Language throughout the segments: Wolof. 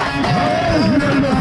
Hey,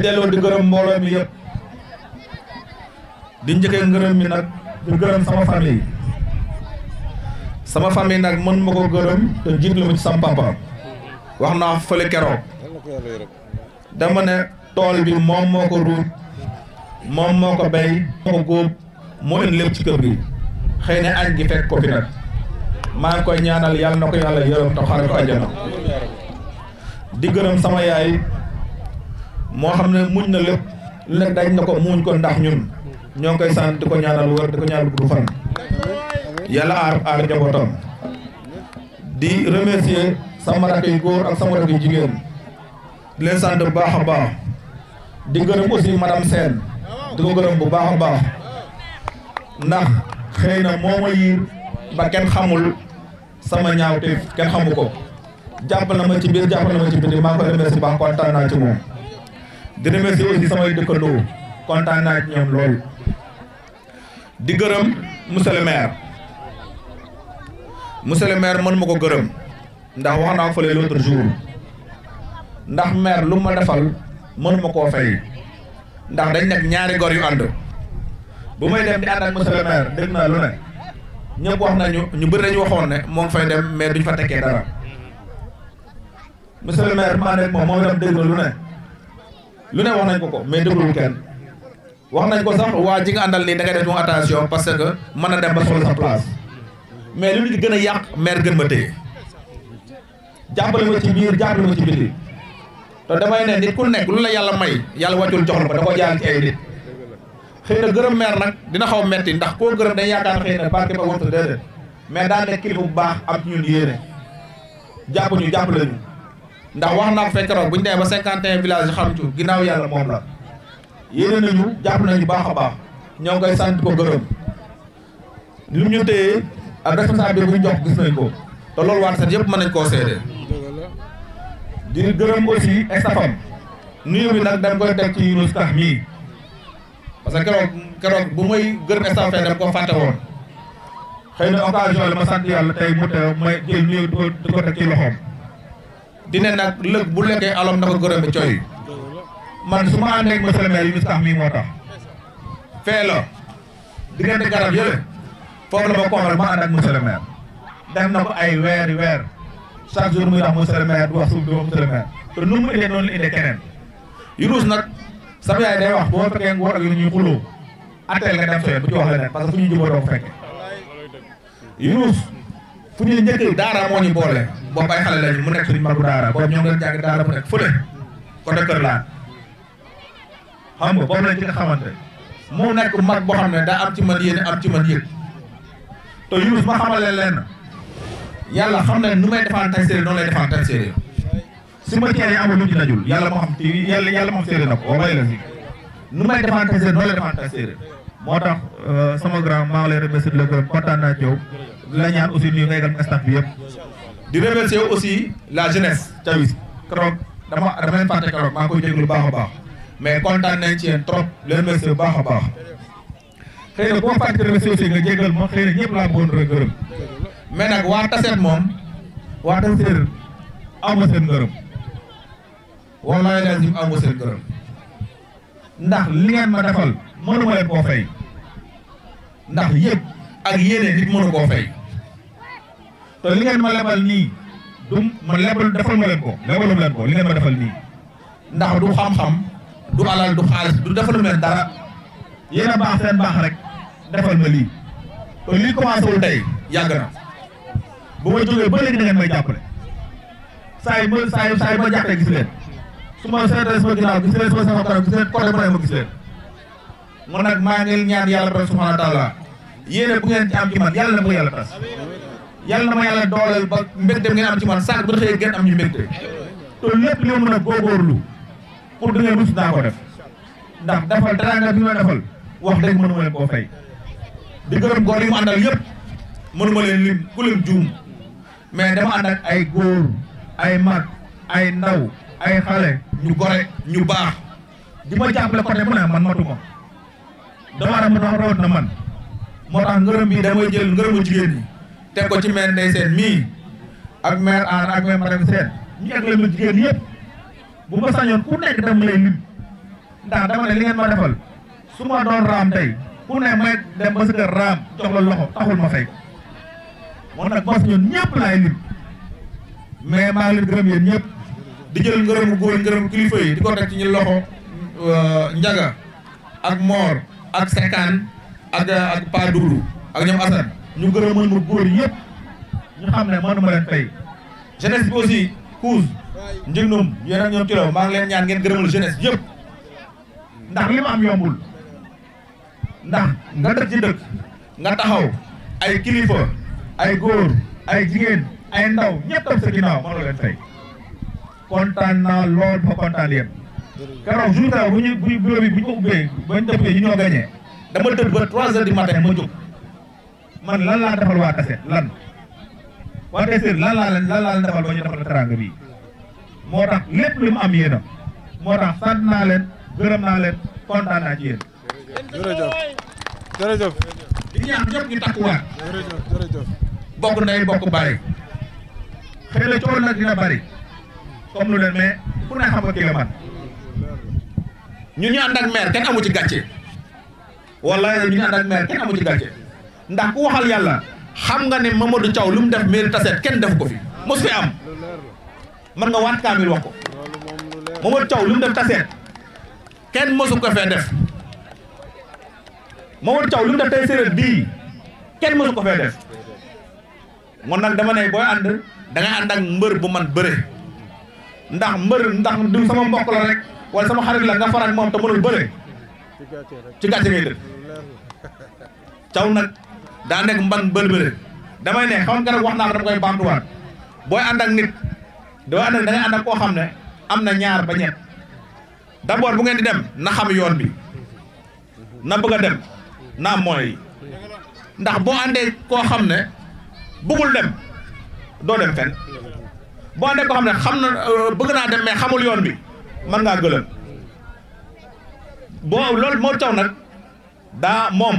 di delloo di gërëm mbooloo mi yëpp mi nag di sama famille sama nag mën ko gërëm te ci sama papa naa fële keroog ne tool bi moom moo ko ruut moom moo ko béy moo ko góob moo indi lépp ci kër gi xëy na añ gi fekk ko fi nag maa ngi koy ñaanal yàlla na ko yàlla yërëm te xaaral ko àjjana di gërëm sama yaay moo xam ne muñ na lépp lu nekk daj na ko muñ ko ndax ñun ñoo ngi koy sant di ko ñaanal wër di ko ñaanal gudd fan yàlla aar aar njabootam di remercier sama rakk góor ak sama rakk yu jigéen di leen sant bu baax a baax di gërëm aussi madame Sène di ko gërëm bu baax a baax ndax xëy na moo ma ba kenn xamul sama ñaaw te kenn xamu ko jàpp na ma ci biir jàpp na ma ci biir maa ngi koy remercier baax kontaan naa ci moom di remercier aussi samay dëkkandoo kontaan naa ci ñoom loolu di gërëm monsieur le maire monsieur le maire mën ma ko gërëm ndax wax naa fële l'autre jour ndax meer lu ma defal mënuma koo fay ndax dañ nekk ñaari gor yu ànd bu may dem di ànd ak monsieur le maire dégg naa lu ne ñëpp wax nañu ñu bari dañu waxoon ne moo ngi fay dem mais duñ fa tekkee dara monsieur le maire maa nekk moom moom itam dégg na lu ne lu ne wax nañ ko ko mais dégluwul kenn wax nañ ko sax waa ji àndal nii da ngay def moom attention parce que mën a dem ba sol sa place mais lu nit gën a yàq maire gën ma téye jàppale ma ci biir jàppale ma ci biti te damay ne nit ku nekk lu la yàlla may yàlla wàccul jox la ko da ko jaar ci ay nit xëy na gërëm maire nag dina xaw metti ndax koo gërëm day yaakaar xëy na barke ba waxtu déedéet mais daa nekk kilifa bu baax am ci ñun yéene jàpp ñu jàppale ñu ndax wax naa ko fekk roog bu ñu demee ba 51 villages yi xam tu ginnaaw yàlla moom la yéene nañu jàpp nañu baax a baax ñoo ngi koy sant ko gërëm lu ñu téye ak responsable bi bu ñu jox gis nañ ko te loolu waan set yëpp mën nañ koo seede di gërëm aussi estafam nuyu bi nag dañ koy teg ci Yunus Ka mii parce que keroog keroog bu muy gërëm estaf fee dama ko fàtte woon xëy na occasion la ma sant yàlla tey mu teew mooy jël nuyu di ko teg ci loxoom di ne nag lëg bu lekkee alom na ko gërëme coy man su ma àndeeg monsieur le maire mi sax mii moo tax feelo diggante garab yële foofu la ma kooxal ma ànd ak monsieur def na ko ay weeri weer chaque jour muy wax monsieur le du wax suuf du wax monsieur te nu mu indee noonu la indee keneen Yunuus nag sama yaay day wax boo fekkee nga war ak yu ñuy xuloo atteel nga dem bu ci wax leneen fu ñu jubóo doo ko fekke Yunuus fu ñuy njëkk daara moo ñu boobu ay xale lañu mu nekk suñu magu daara boobu ñoom doon jàng daara mu nekk fële côté Kër Laar xam nga boobu lañ ci nga xamante mu nekk mag boo xam ne daa am ci man yéene am ci man yëg te Youssou ma xamale leen yàlla xam ne nu may defaan tay séeréer noonu lay defaan tay su ma tee amul lu najul yàlla moo xam te yàlla yàlla moom séeréer na ko waaye la si nu may defaan tay séeréer moo tax euh, sama grand maa ngi lay remercier le gërëm kontaan naa ci yow la ñaan aussi nuyu ngay gërëm staff bi yëpp di remercier aussi la jeunesse Thiawiss keroog dama dama leen fàtte keroog maa ngi koy déglu baax a baax mais kontaan nañ ci yéen trop leen remercier bu baax a baax xëy na boo fàtte remercier nga jégal ma xëy na ñëpp laa bëggoon rek gërëm mais nag waa Tassette moom waa Tassette am seen gërëm wallaay lazim am seen gërëm ndax li ngeen ma defal mënu ma koo fay ndax yëpp ak yéene nit mënu koo fay te li ngeen ma lebal nii du ma lebal defal ma leen ko lebalum leen ko li ngeen ma defal nii ndax du xam-xam du alal du xaalis du defalum leen dara yéen a baax seen baax rek defal ma lii te lii commencé wul tey yàgg na bu ma jógee ba léegi da ngeen may jàppale saa yi ma saa yi saa yi ma jàkkee gis leen su ma seetee sama ginnaaw gis leen sama sama kanam gis leen côté bu ne ma gis leen man nag maa ngi ñaan yàlla ba subhanahu wa taala yéene bu ngeen ci am ci man yàlla na bu yàlla tas yàlla na ma yàlla dooleel ba mbégte ngeen am ci man sax bu xëyee ngeen am ñu mbégte te lépp li ma mën pour da rus naa ko def ndax defal dara nga defal wax fay di gërëm góor yi mu àndal yëpp mënuma leen lim ku leen juum mais dama ànd ay ay mag ay ndaw ay ñu ñu baax di ma jàppale côté bu man matuma dama dama doon root na man moo bi damay jël teg ko ci maire Ndeye sen mii ak maire Anne ak maire Marème Sène ñu ak leen lu jigéen bu ma sañoon ku nekk dama lay lim ndax dama ne li ngeen ma defal su doon raam tey ku ne may dem ba sa jox la loxo taxul njaga ak moor ak sekaan ak ak asan ñu gërëmal ma góor yëpp ñu xam ne ma leen fay jeunesse bi aussi couche njëgnum yéen ak ñoom ci la maa ngi leen ñaan ngeen gërëmul jeunesse yëpp ndax li ma am yombul ndax nga dëkk ci dëkk nga taxaw ay kilifa ay góor ay jigéen ay ndaw ñëpp tam sa ginnaaw mënoo leen fay kontaan naa lool ba kontaan yéen keroog jour ta bu ñu bureau bi bu ñu ko ubbee bañ dëppee ñu ñoo gagné dama tëdd ba trois heures du matin ma jóg man lan laa defal waa Tassette lan waa Tassette lan laa leen lan laa leen defal ba ñu defal la teraanga moo tax lépp lu mu am yéen a moo tax sant naa leen gërëm naa leen kontaan naa ci yéen. di ñaan ñëpp ñu takkuwaat. bokk ndey bokk bàyyi. xëy na nag dina bari comme lu leen mais ku ne xam nga kii la man ñu ànd ak kenn amu ci gàcce. wallaahi ñu ànd ak kenn amu gàcce. ndax ku waxal yàlla xam nga ne Mamadou caw lu mu def mairie Tassette kenn defu ko fi mos fi am mën nga waat kaamil wax ko Mamadou Thiaw lu mu def Tassette kenn mësu ko fee def Mamadou Thiaw lu mu def tey séeréer bii kenn mosu ko fee def moom nag dama ne booy ànd da ngay ànd ak mbër bu man bëre ndax mbër ndax du sama mbokk la rek wala sama xarit la nga faral moom te mënul bëre ci gàcce ngay dëkk Thiaw nag. daa nekk mban bëlbële damay ne xam nga nag wax naa ko dama koy bamtuwaat booy ànd ak nit da ngay ànd koo xam ne am na ñaar ba ñett d'abord bu ngeen di dem na xam yoon bi na bëgg a dem na am moyens boo àndee koo xam ne bëggul dem doo dem fenn boo àndee koo xam ne xam na euh, bëgg naa dem mais xamul yoon bi mën ngaa gëlëm boo loolu moo tax nag daa moom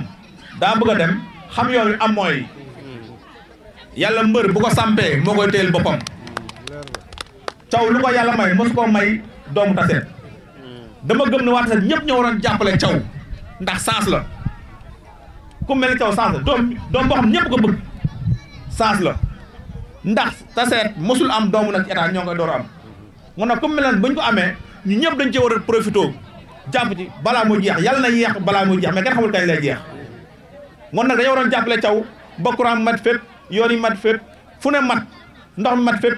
daa bëgg a dem xam yoon am mooy yàlla mbër bu ko sampee moo koy téyel boppam caw lu ko yàlla may mosu koo may doomu taset dama gëm ne waa taset ñëpp ñoo waroon jàppale caw ndax saas la ku mel ne caw saas la doom boo xam ñëpp ko bëgg saas la ndax taset mosul am doomu nag ci ñoo ngi door am mu ne ku mel ne bu ñu ko amee ñu ñëpp dañ cee war a profité jàpp ci balaa muy jeex yàlla na yeex balaa mu jeex mais kenn xamul kañ lay jeex moom nag dañoo waroon jàppale caw ba courant mat fépp yoon yi mat fépp fu ne mat ndox mi mat fépp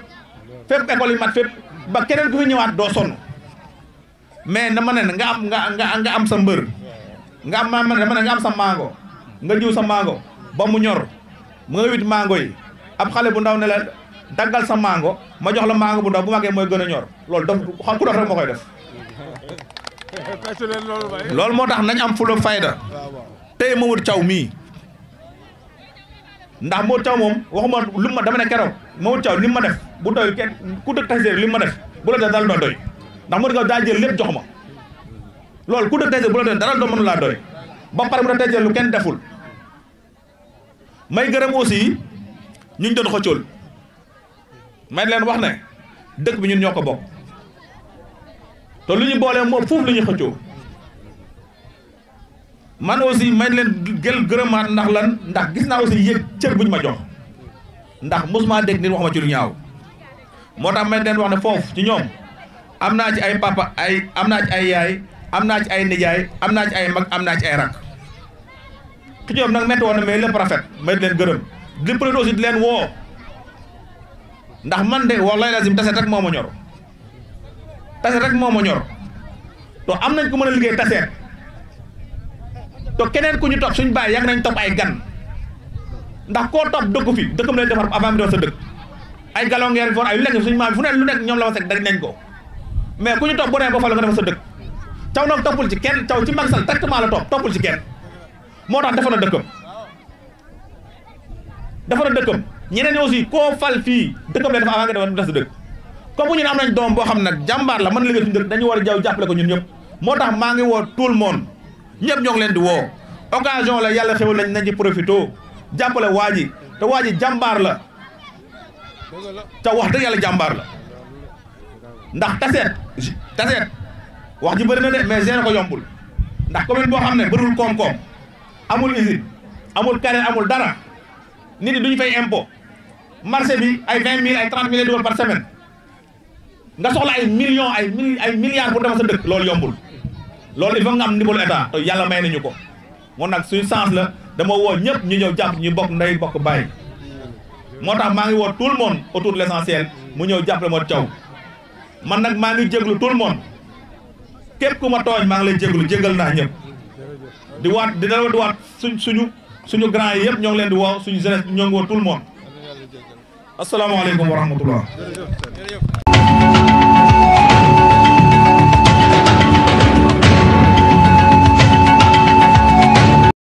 fépp école mat fépp ba keneen ku fi ñëwaat doo sonn mais dama ne nga am nga nga nga am sa mbër nga am ma dama ne nga am sa mango nga jiw sa mango ba mu ñor mu nga yi ab xale bu ndaw ne la daggal sa mango ma jox la mango bu ndaw bu màggee mooy gën a ñor loolu daf xam ku dox rek moo koy def loolu moo tax nañ am fulo fayda tey Mamadou caw mii ndax Modou Thiaw moom waxuma lu ma dama ne keroog Modou Thiaw li ma def bu doy kenn ku dëkk Taïsir li ma def bu la def dara doo doy ndax Modou Thiaw daa jël lépp jox ma loolu ku dëkk Taïsir bu la doy dara doo laa doy ba pare mu def Taïsir lu kenn deful may gërëm aussi ñu ngi doon xëccool may leen wax ne dëkk bi ñun ñoo ko bokk te lu ñu boolee moom foofu lu ñuy xëccoo man aussi may leen gël gërëmaat ndax lan ndax gis naa aussi yëg cër bu ñu ma jox ndax mosuma dégg nit wax ma ci ñaaw moo tax may leen wax ne foofu ci ñoom am naa ci ay papa ay am naa ci ay yaay am naa ci ay nijaay am naa ci ay mag am naa ci ay rak ki nag metti woon na mais lépp rafet may leen gërëm lépp leen aussi di leen woo ndax man de wallaay lazim tase rek moo ma ñor tase rek moo ma ñor to am nañ ko mën a liggéey taseet te keneen ku ñu topp suñu bàyyi yàgg nañ topp ay gan ndax koo topp dëkku fi dëkkam lay defar avant mi doon sa dëkk ay galongeer for ay lu nekk suñu maam fu neen lu nekk ñoom la fa seg nañ ko mais ku ñu topp bu nee la nga defar sa dëkk caw nag toppul ci kenn caw ci mag Macky Sall tractement la topp toppul ci kenn moo tax defar na dëkkam defar na dëkkam ñeneen aussi koo fal fii dëkkam lay defar avant nga defar sa dëkk comme bu ñu am nañ doom boo xam nag jàmbaar la mën liggéey suñu dëkk dañu jaw jàppale ko ñun ñëpp moo tax maa ngi woo tout le monde ñëpp ñoo leen di woo occasion la yàlla xewal nañ nañ ci profito jàppale waa te waa ji jàmbaar la te wax dëgg yàlla jàmbaar la ndax taseet taseet wax ji bëri na de mais gérer ko yombul ndax commune boo xam ne bëriwul koom-koom amul usine amul carrière amul dara nit ñi duñu fay impôt marché bi ay vingt mille ay trente mille dugal par semaine nga soxla ay millions ay mil ay milliards pour defar sa dëkk loolu yombul loolu il faut nga am ndimbalu état te yàlla may nañu ko moo nag suñu chance la dama woo ñëpp ñu ñëw jàpp ñu bokk ndey bokk bàyyi moo tax maa ngi woo tout le monde autour de l'essentiel mu ñëw jàppale Modou Thiaw man nag maa ngi jéglu tout le monde képp ku ma tooñ maa ngi lay jéglu jégal naa ñëpp di waat di dala di waat suñ suñu suñu grand yi yëpp ñoo ngi leen di woo suñu jeunesse ñoo ngi woo tout le monde asalaamaaleykum wa rahmatullah